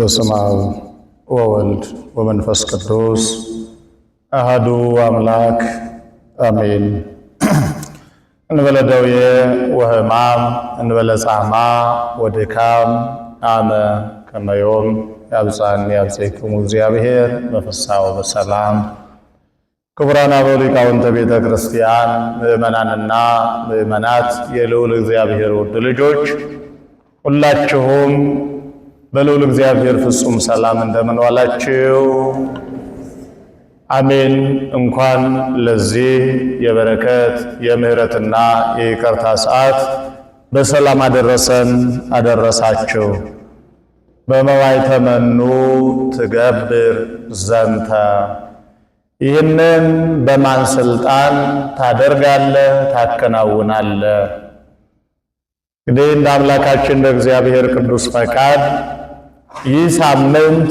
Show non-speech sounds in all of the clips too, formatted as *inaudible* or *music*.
በስመ አብ ወወልድ ወመንፈስ ቅዱስ አሃዱ አምላክ አሜን። እንበለ ደውየ ወሕማም እንበለ ጻማ ወድካም አመ ከመዮም ያብጽሐኒ ያብጽሕክሙ እግዚአብሔር በፍስሐ ወበሰላም። ክቡራን አበው ሊቃውንተ ቤተ ክርስቲያን ምእመናንና ምዕመናት፣ የልዑል እግዚአብሔር ውድ ልጆች ሁላችሁም በልዑል እግዚአብሔር ፍጹም ሰላም እንደምን ዋላችሁ? አሜን። እንኳን ለዚህ የበረከት የምሕረትና የይቅርታ ሰዓት በሰላም አደረሰን አደረሳችሁ። በመባይተ መኑ ትገብር ዘንተ ይህንን በማን ስልጣን ታደርጋለህ ታከናውናለህ? እንግዲህ እንደ አምላካችን እንደ እግዚአብሔር ቅዱስ ፈቃድ ይህ ሳምንት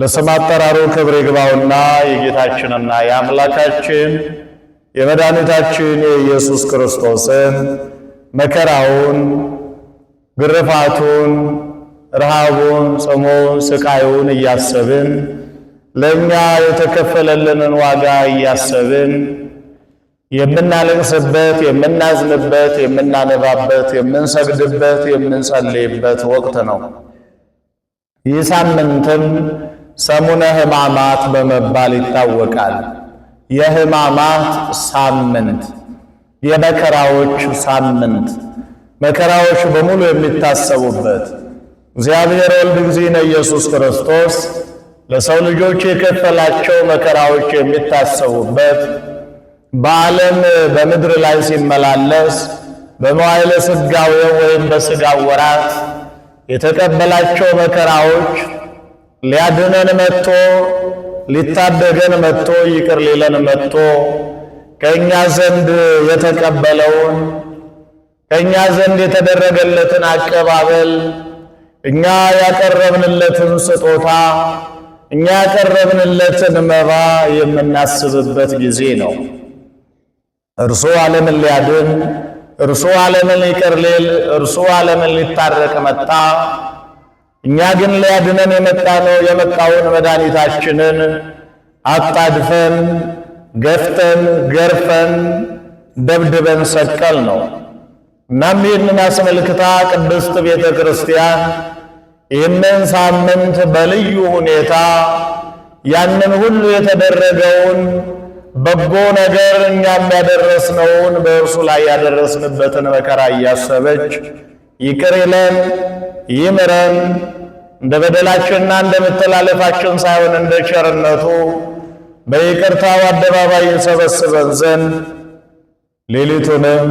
ለስም አጠራሩ ክብር ይግባውና የጌታችንና የአምላካችን የመድኃኒታችን የኢየሱስ ክርስቶስን መከራውን፣ ግርፋቱን፣ ረሃቡን፣ ጽሙን፣ ስቃዩን እያሰብን ለእኛ የተከፈለልንን ዋጋ እያሰብን የምናለቅስበት፣ የምናዝንበት፣ የምናነባበት፣ የምንሰግድበት፣ የምንጸልይበት ወቅት ነው። ይህ ሳምንትም ሰሙነ ሕማማት በመባል ይታወቃል። የሕማማት ሳምንት፣ የመከራዎች ሳምንት፣ መከራዎች በሙሉ የሚታሰቡበት እግዚአብሔር ወልድ እግዚእነ ኢየሱስ ክርስቶስ ለሰው ልጆች የከፈላቸው መከራዎች የሚታሰቡበት በዓለም በምድር ላይ ሲመላለስ በመዋዕለ ሥጋዌው ወይም በሥጋው ወራት የተቀበላቸው መከራዎች ሊያድነን መጥቶ ሊታደገን መጥቶ ይቅር ሊለን መጥቶ ከእኛ ዘንድ የተቀበለውን ከእኛ ዘንድ የተደረገለትን አቀባበል እኛ ያቀረብንለትን ስጦታ እኛ ያቀረብንለትን መባ የምናስብበት ጊዜ ነው። እርሱ ዓለምን ሊያድን እርሱ ዓለምን ሊቀር ሊል እርሱ ዓለምን ሊታረቅ መጣ። እኛ ግን ሊያድነን የመጣነው የመጣውን መድኃኒታችንን አጣድፈን ገፍተን ገርፈን ደብድበን ሰቀል ነው። እናም ይህንን አስመልክታ ቅድስት ቤተ ክርስቲያን ይህንን ሳምንት በልዩ ሁኔታ ያንን ሁሉ የተደረገውን በጎ ነገር እኛም ያደረስነውን በእርሱ ላይ ያደረስንበትን መከራ እያሰበች ይቅር ይለን ይምረን፣ እንደ በደላችንና እንደ መተላለፋችን ሳይሆን እንደ ቸርነቱ በይቅርታው አደባባይ ይሰበስበን ዘንድ ሌሊቱንም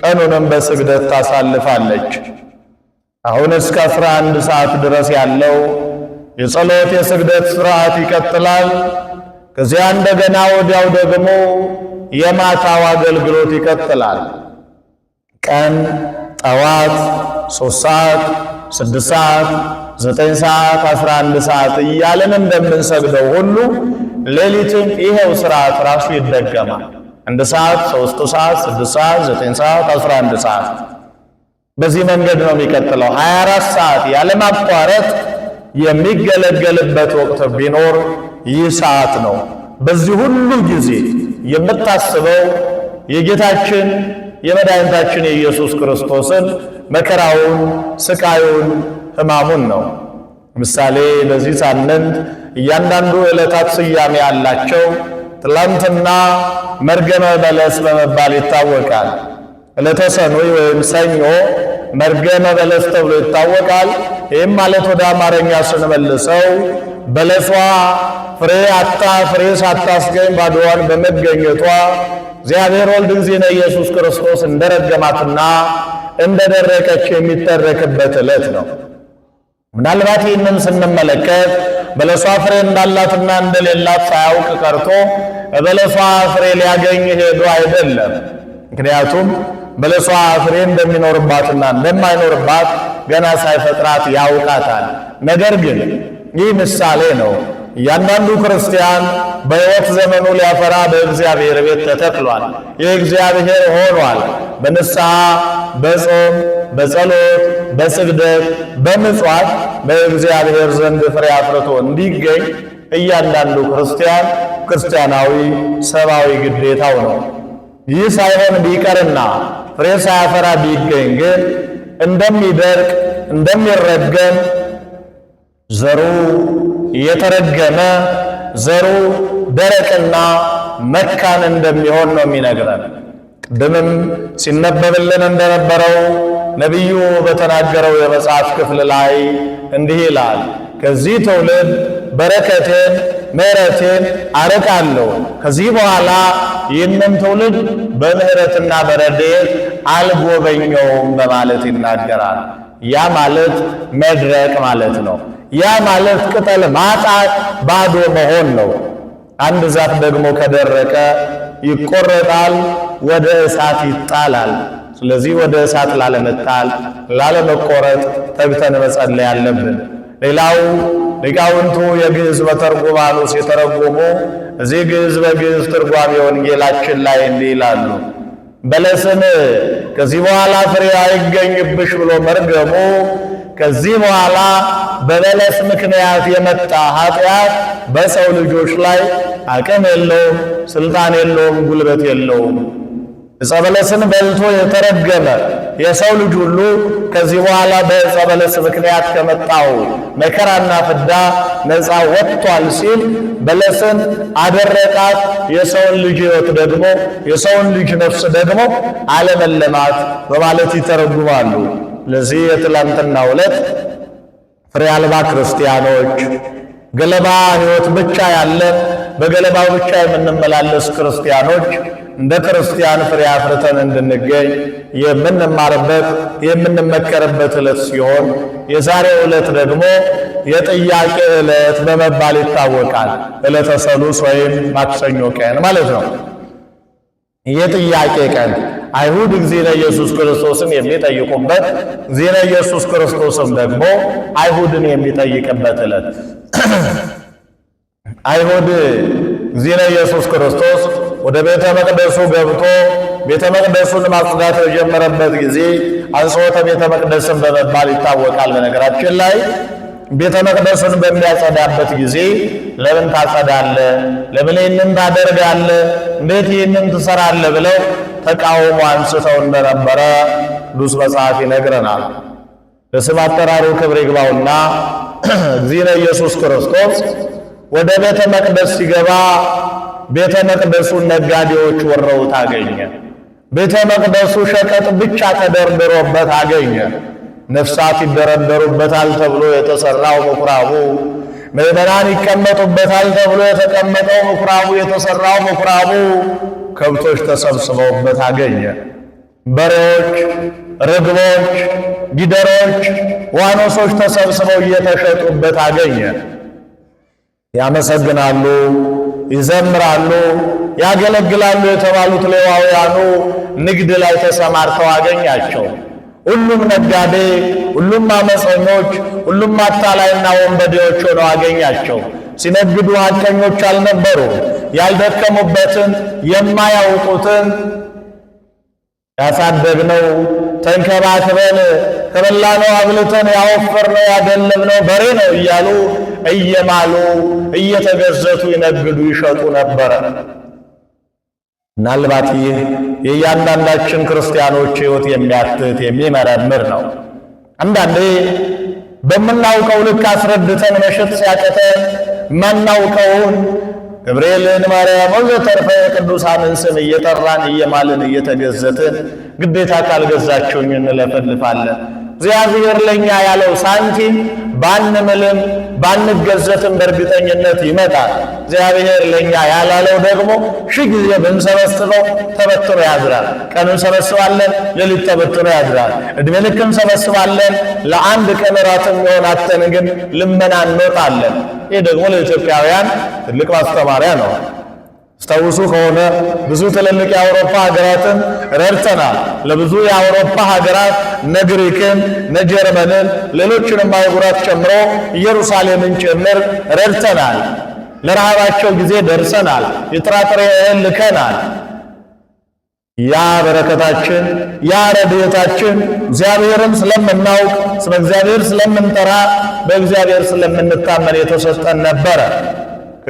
ቀኑንም በስግደት ታሳልፋለች። አሁን እስከ አስራ አንድ ሰዓት ድረስ ያለው የጸሎት የስግደት ስርዓት ይቀጥላል። ከዚያ እንደገና ወዲያው ደግሞ የማታው አገልግሎት ይቀጥላል። ቀን ጠዋት ሶስት ሰዓት፣ ስድስት ሰዓት፣ ዘጠኝ ሰዓት፣ አስራ አንድ ሰዓት እያለን እንደምንሰግደው ሁሉ ሌሊትም ይኸው ስርዓት ራሱ ይደገማል። አንድ ሰዓት፣ ሶስቱ ሰዓት፣ ስድስት ሰዓት፣ ዘጠኝ ሰዓት፣ አስራ አንድ ሰዓት በዚህ መንገድ ነው የሚቀጥለው። ሀያ አራት ሰዓት ያለማቋረጥ የሚገለገልበት ወቅት ቢኖር ይህ ሰዓት ነው። በዚህ ሁሉ ጊዜ የምታስበው የጌታችን የመድኃኒታችን የኢየሱስ ክርስቶስን መከራውን፣ ስቃዩን፣ ሕማሙን ነው። ምሳሌ በዚህ ሳምንት እያንዳንዱ ዕለታት ስያሜ ያላቸው። ትላንትና መርገመ በለስ በመባል ይታወቃል። ዕለተ ሰኑይ ወይም ሰኞ መርገመ በለስ ተብሎ ይታወቃል። ይህም ማለት ወደ አማርኛ ስንመልሰው በለሷ ፍሬ አታ ፍሬ ሳታስገኝ ባዶዋን በመገኘቷ እግዚአብሔር ወልድ እግዚእነ ኢየሱስ ክርስቶስ እንደረገማትና እንደደረቀች የሚተረክበት ዕለት ነው። ምናልባት ይህንን ስንመለከት በለሷ ፍሬ እንዳላትና እንደሌላት ሳያውቅ ቀርቶ በለሷ ፍሬ ሊያገኝ ሄዶ አይደለም ምክንያቱም በለሷ ፍሬ እንደሚኖርባትና እንደማይኖርባት ገና ሳይፈጥራት ያውቃታል። ነገር ግን ይህ ምሳሌ ነው። እያንዳንዱ ክርስቲያን በሕይወት ዘመኑ ሊያፈራ በእግዚአብሔር ቤት ተተክሏል። የእግዚአብሔር ሆኗል። በንስሐ በጾም በጸሎት በስግደት በምጽዋት በእግዚአብሔር ዘንድ ፍሬ አፍርቶ እንዲገኝ እያንዳንዱ ክርስቲያን ክርስቲያናዊ ሰብአዊ ግዴታው ነው። ይህ ሳይሆን ቢቀርና ፍሬ ሳያፈራ ቢገኝ ግን እንደሚደርቅ እንደሚረገም ዘሩ የተረገመ ዘሩ ደረቅና መካን እንደሚሆን ነው የሚነግረን። ቅድምም ሲነበብልን እንደነበረው ነቢዩ በተናገረው የመጽሐፍ ክፍል ላይ እንዲህ ይላል፣ ከዚህ ትውልድ በረከቴን ምሕረቴን አርቃለሁ። ከዚህ በኋላ ይህንን ትውልድ በምሕረትና በረድኤት አልጎበኘውም በማለት ይናገራል። ያ ማለት መድረቅ ማለት ነው። ያ ማለት ቅጠል ማጣት ባዶ መሆን ነው። አንድ ዛፍ ደግሞ ከደረቀ ይቆረጣል፣ ወደ እሳት ይጣላል። ስለዚህ ወደ እሳት ላለመጣል፣ ላለመቆረጥ ተግተን መጸለይ አለብን። ሌላው ሊቃውንቱ የግዕዝ በተርጉማኑ ሲተረጉሙ እዚህ ግዕዝ በግዕዝ ትርጓሜ ወንጌላችን ላይ እንዲህ ይላሉ። በለስን ከዚህ በኋላ ፍሬ አይገኝብሽ ብሎ መርገሙ ከዚህ በኋላ በበለስ ምክንያት የመጣ ኃጢአት በሰው ልጆች ላይ አቅም የለውም፣ ስልጣን የለውም፣ ጉልበት የለውም። ዕፀ በለስን በልቶ የተረገመ የሰው ልጅ ሁሉ ከዚህ በኋላ በዕፀ በለስ ምክንያት ከመጣው መከራና ፍዳ ነፃ ወጥቷል ሲል በለስን አደረቃት። የሰውን ልጅ ሕይወት ደግሞ የሰውን ልጅ ነፍስ ደግሞ አለመለማት በማለት ይተረጉማሉ። ለዚህ የትላንትና ዕለት ፍሬ አልባ ክርስቲያኖች ገለባ ሕይወት ብቻ ያለ በገለባው ብቻ የምንመላለስ ክርስቲያኖች እንደ ክርስቲያን ፍሬ አፍርተን እንድንገኝ የምንማርበት የምንመከርበት ዕለት ሲሆን የዛሬው ዕለት ደግሞ የጥያቄ ዕለት በመባል ይታወቃል። ዕለተ ሰሉስ ወይም ማክሰኞ ቀን ማለት ነው። የጥያቄ ቀን አይሁድ እግዚእነ ኢየሱስ ክርስቶስን የሚጠይቁበት እግዚእነ ኢየሱስ ክርስቶስም ደግሞ አይሁድን የሚጠይቅበት ዕለት *clears throat* አይሁድ እግዚእነ ኢየሱስ ክርስቶስ ወደ ቤተ መቅደሱ ገብቶ ቤተ መቅደሱን ማጽዳት በጀመረበት ጊዜ አንጽሖተ ቤተ መቅደስን በመባል ይታወቃል። በነገራችን ላይ ቤተ መቅደሱን በሚያጸዳበት ጊዜ ለምን ታጸዳለ? ለምን ይህንን ታደርጋለ? እንዴት ይህንን ትሰራለ? ብለው ተቃውሞ አንስተው እንደነበረ ቅዱስ መጽሐፍ ይነግረናል። በስም አጠራሩ ክብር ይግባውና *clears throat* እግዚእነ ኢየሱስ ክርስቶስ ወደ ቤተ መቅደስ ሲገባ ቤተ መቅደሱን ነጋዴዎች ወረውት አገኘ። ቤተ መቅደሱ ሸቀጥ ብቻ ተደርድሮበት አገኘ። ነፍሳት ይደረደሩበታል ተብሎ የተሰራው ምኩራቡ፣ ምዕመናን ይቀመጡበታል ተብሎ የተቀመጠው ምኩራቡ፣ የተሰራው ምኩራቡ ከብቶች ተሰብስበውበት አገኘ። በሬዎች፣ ርግቦች፣ ጊደሮች፣ ዋኖሶች ተሰብስበው እየተሸጡበት አገኘ። ያመሰግናሉ ይዘምራሉ፣ ያገለግላሉ የተባሉት ሌዋውያኑ ንግድ ላይ ተሰማርተው አገኛቸው። ሁሉም ነጋዴ፣ ሁሉም አመፀኞች፣ ሁሉም አታላይና ወንበዴዎች ሆነው አገኛቸው። ሲነግዱ ሐቀኞች አልነበሩም። ያልደከሙበትን የማያውቁትን ያሳደግነው ተንከባክበን ከበላነው አብልተን ያወፈርነው ያደለብነው በሬ ነው እያሉ እየማሉ እየተገዘቱ ይነግዱ ይሸጡ ነበረ። ምናልባት ይህ የእያንዳንዳችን ክርስቲያኖች ሕይወት የሚያትት የሚመረምር ነው። አንዳንዴ በምናውቀው ልክ አስረድተን መሸጥ ሲያቀተ ማናውቀውን ገብርኤልን፣ ማርያም ወዘተርፈ ቅዱሳንን ስም እየጠራን እየማልን እየተገዘትን ግዴታ ካልገዛችሁኝ እንለፈልፋለን እግዚአብሔር ለኛ ያለው ሳንቲም ባንምልም ባንገዘትም በእርግጠኝነት ይመጣል። እግዚአብሔር ለኛ ያላለው ደግሞ ሺህ ጊዜ ብንሰበስበው ተበትኖ ያድራል። ቀን እንሰበስባለን፣ ሌሊት ተበትኖ ያድራል። እድሜ ልክ እንሰበስባለን፣ ለአንድ ቀን ራት የሚሆን አተን ግን ልመና እንወጣለን። ይህ ደግሞ ለኢትዮጵያውያን ትልቅ ማስተማሪያ ነው። ታስታውሱ ከሆነ ብዙ ትልልቅ የአውሮፓ ሀገራትን ረድተናል። ለብዙ የአውሮፓ ሀገራት ነግሪክን፣ ነጀርመንን፣ ሌሎችንም አህጉራት ጨምሮ ኢየሩሳሌምን ጭምር ረድተናል። ለረሃባቸው ጊዜ ደርሰናል። የጥራጥሬ እህል ልከናል። ያ በረከታችን ያ ረድኤታችን እግዚአብሔርን ስለምናውቅ ስለ እግዚአብሔር ስለምንጠራ በእግዚአብሔር ስለምንታመን የተሰጠን ነበረ።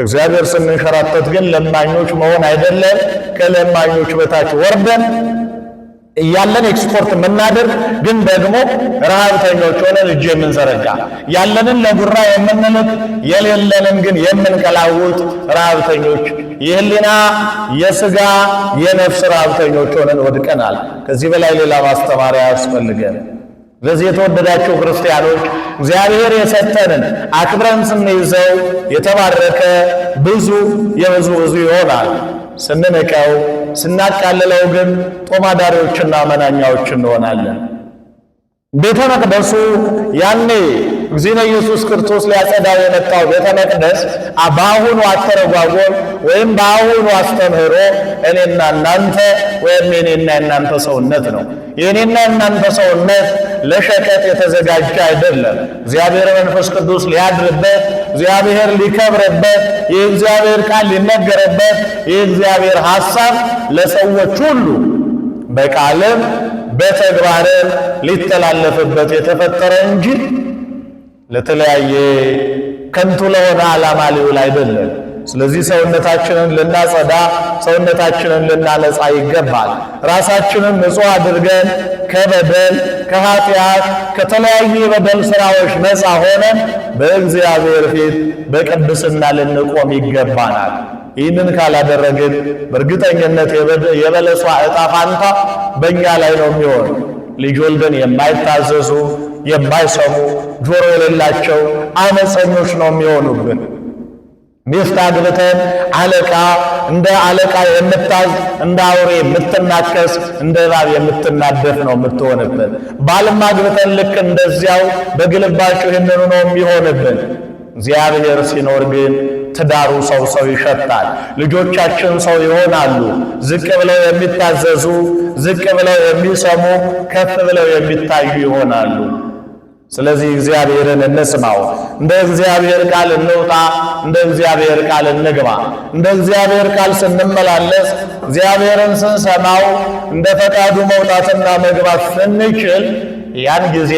እግዚአብሔር ስንንሸራተት ግን ለማኞች መሆን አይደለም። ከለማኞች በታች ወርደን እያለን ኤክስፖርት የምናደርግ ግን ደግሞ ረሃብተኞች ሆነን እጅ የምንዘረጋ ያለንን ለጉራ የምንልክ የሌለንን ግን የምንቀላውጥ ረሃብተኞች የህሊና የስጋ የነፍስ ረሃብተኞች ሆነን ወድቀናል። ከዚህ በላይ ሌላ ማስተማሪያ ያስፈልገን። በዚህ የተወደዳችሁ ክርስቲያኖች እግዚአብሔር የሰጠንን አክብረን ስንይዘው የተባረከ ብዙ የብዙ ብዙ ይሆናል። ስንንቀው ስናቃልለው ግን ጦማዳሪዎችና መናኛዎች እንሆናለን። ቤተ መቅደሱ ያኔ እግዚእነ ኢየሱስ ክርስቶስ ሊያጸዳው የመጣው ቤተ መቅደስ በአሁኑ አተረጓጎም ወይም በአሁኑ አስተምህሮ እኔና እናንተ ወይም የኔና የእናንተ ሰውነት ነው። የእኔና የእናንተ ሰውነት ለሸቀጥ የተዘጋጀ አይደለም። እግዚአብሔር መንፈስ ቅዱስ ሊያድርበት፣ እግዚአብሔር ሊከብርበት፣ የእግዚአብሔር ቃል ሊነገርበት፣ የእግዚአብሔር ሐሳብ ለሰዎች ሁሉ በቃልም በተግባርም ሊተላለፍበት የተፈጠረ እንጂ ለተለያየ ከንቱ ለሆነ ዓላማ ሊውል አይደለም። ስለዚህ ሰውነታችንን ልናጸዳ፣ ሰውነታችንን ልናነጻ ይገባል። ራሳችንን ንጹህ አድርገን ከበደል፣ ከኃጢአት፣ ከተለያዩ የበደል ሥራዎች ነጻ ሆነን በእግዚአብሔር ፊት በቅድስና ልንቆም ይገባናል። ይህንን ካላደረግን በእርግጠኝነት የበለሷ ዕጣ ፋንታ በእኛ ላይ ነው የሚሆን። ልጅ ወልደን የማይታዘዙ የማይሰሙ ጆሮ የሌላቸው አመፀኞች ነው የሚሆኑብን። ሚስት አግብተን አለቃ እንደ አለቃ የምታዝ እንደ አውሬ የምትናከስ እንደ እባብ የምትናደፍ ነው የምትሆንብን። ባልም አግብተን ልክ እንደዚያው በግልባቸው ይህንኑ ነው የሚሆንብን። እግዚአብሔር ሲኖር ግን ትዳሩ ሰው ሰው ይሸታል። ልጆቻችን ሰው ይሆናሉ። ዝቅ ብለው የሚታዘዙ፣ ዝቅ ብለው የሚሰሙ፣ ከፍ ብለው የሚታዩ ይሆናሉ። ስለዚህ እግዚአብሔርን እንስማው፣ እንደ እግዚአብሔር ቃል እንውጣ፣ እንደ እግዚአብሔር ቃል እንግባ። እንደ እግዚአብሔር ቃል ስንመላለስ እግዚአብሔርን ስንሰማው እንደ ፈቃዱ መውጣትና መግባት ስንችል ያን ጊዜ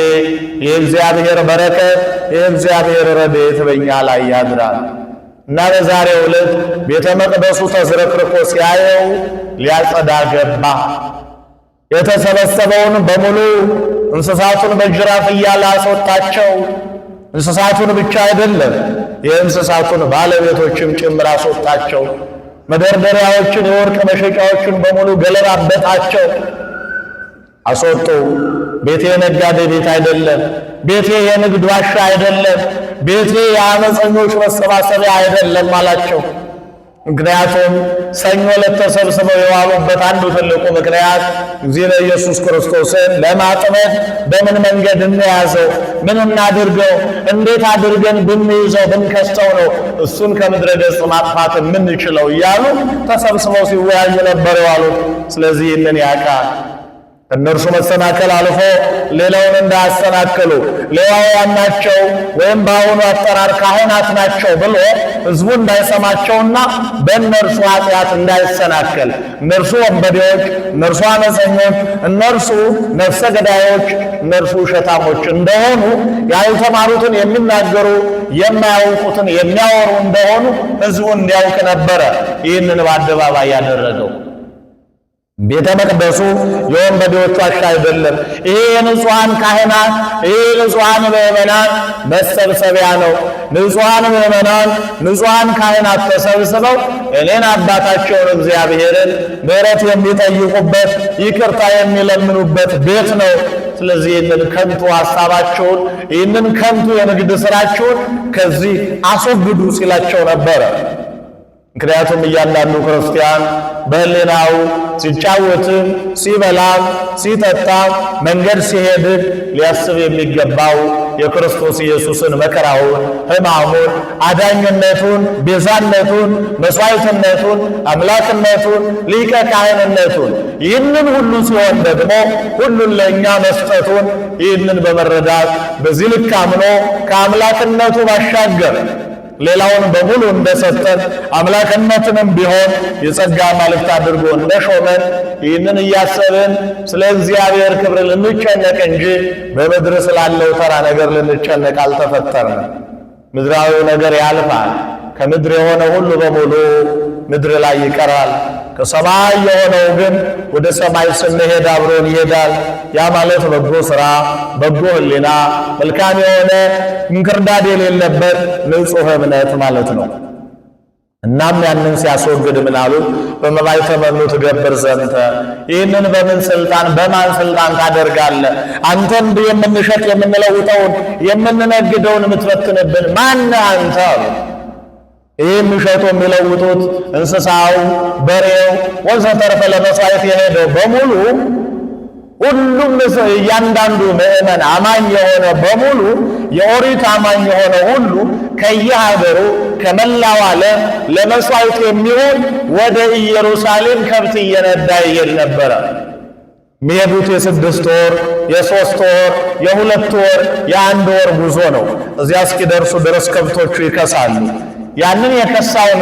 የእግዚአብሔር በረከት የእግዚአብሔር ረድኤት በእኛ ላይ ያድራል እና በዛሬው ዕለት ቤተ መቅደሱ ተዝረክርኮ ሲያየው ሊያጸዳ ገባ። የተሰበሰበውን በሙሉ እንስሳቱን በጅራፍ እያለ አስወጣቸው። እንስሳቱን ብቻ አይደለም የእንስሳቱን ባለቤቶችም ጭምር አስወጣቸው። መደርደሪያዎችን፣ የወርቅ መሸጫዎችን በሙሉ ገለባበጣቸው፣ አስወጡ። ቤቴ የነጋዴ ቤት አይደለም። ቤቴ የንግድ ዋሻ አይደለም። ቤቴ የአመፀኞች መሰባሰቢያ አይደለም አላቸው። ምክንያቱም ሰኞ ዕለት ተሰብስበው የዋሉበት አንዱ ትልቁ ምክንያት እግዚእነ ኢየሱስ ክርስቶስን ለማጥመድ በምን መንገድ እንያዘው፣ ምን እናድርገው፣ እንዴት አድርገን ብንይዘው ብንከስተው ነው እሱን ከምድረ ገጽ ማጥፋት የምንችለው እያሉ ተሰብስበው ሲወያዩ ነበር የዋሉት። ስለዚህ ይህንን ያውቃል። እነርሱ መሰናከል አልፎ ሌላውን እንዳያሰናክሉ ሌዋውያን ናቸው ወይም በአሁኑ አጠራር ካህናት ናቸው ብሎ ሕዝቡ እንዳይሰማቸውና በእነርሱ ኃጢአት እንዳይሰናከል እነርሱ ወንበዴዎች፣ እነርሱ አመፀኞች፣ እነርሱ ነፍሰ ገዳዮች፣ እነርሱ ውሸታሞች እንደሆኑ ያልተማሩትን የሚናገሩ የማያውቁትን የሚያወሩ እንደሆኑ ሕዝቡ እንዲያውቅ ነበረ ይህንን በአደባባይ ያደረገው። ቤተ መቅደሱ የወንበዴዎቹ ዋሻ አይደለም። ይሄ የንጹሐን ካህናት፣ ይሄ ንጹሐን ምዕመናን መሰብሰቢያ ነው። ንጹሐን ምዕመናን፣ ንጹሐን ካህናት ተሰብስበው እኔን አባታቸውን እግዚአብሔርን ምሕረት የሚጠይቁበት ይቅርታ የሚለምኑበት ቤት ነው። ስለዚህ ይህንን ከንቱ ሐሳባቸውን ይህንን ከንቱ የንግድ ሥራቸውን ከዚህ አስወግዱ ሲላቸው ነበረ። ምክንያቱም እያንዳንዱ ክርስቲያን በህሊናው ሲጫወትም ሲበላም ሲጠጣም መንገድ ሲሄድም ሊያስብ የሚገባው የክርስቶስ ኢየሱስን መከራውን፣ ሕማሙን፣ አዳኝነቱን፣ ቤዛነቱን፣ መሥዋዕትነቱን፣ አምላክነቱን፣ ሊቀ ካህንነቱን ይህንን ሁሉ ሲሆን ደግሞ ሁሉን ለእኛ መስጠቱን ይህንን በመረዳት በዚህ ልክ አምኖ ከአምላክነቱ ባሻገር ሌላውን በሙሉ እንደሰጠን አምላክነትንም ቢሆን የጸጋ ማልክት አድርጎ እንደሾመን ይህንን እያሰብን ስለ እግዚአብሔር ክብር ልንጨነቅ እንጂ በምድር ስላለው ተራ ነገር ልንጨነቅ አልተፈጠርም። ምድራዊው ነገር ያልፋል። ከምድር የሆነ ሁሉ በሙሉ ምድር ላይ ይቀራል። ከሰማይ የሆነው ግን ወደ ሰማይ ስንሄድ አብሮን ይሄዳል። ያ ማለት በጎ ስራ በጎ ህሊና መልካም የሆነ እንክርዳድ የሌለበት ንጹህ እምነት ማለት ነው። እናም ያንን ሲያስወግድ ምን አሉ? በመባይ ተመኑ ትገብር ዘንተ ይህንን በምን ስልጣን በማን ስልጣን ታደርጋለህ? አንተን የምንሸጥ የምንለውጠውን የምንነግደውን የምትበትንብን ማን አንተ አሉ። ይህ የሚሸጡ የሚለውጡት እንስሳው፣ በሬው፣ ወዘተርፈ ለመሥዋዕት የሄደው በሙሉ ሁሉም እያንዳንዱ ምእመን አማኝ የሆነ በሙሉ የኦሪት አማኝ የሆነ ሁሉ ከየሀገሩ ከመላው ዓለም ለመሥዋዕት የሚሆን ወደ ኢየሩሳሌም ከብት እየነዳ ይሄድ ነበረ። የሚሄዱት የስድስት ወር የሶስት ወር የሁለት ወር የአንድ ወር ጉዞ ነው። እዚያ እስኪደርሱ ድረስ ከብቶቹ ይከሳሉ። ያንን የከሳውን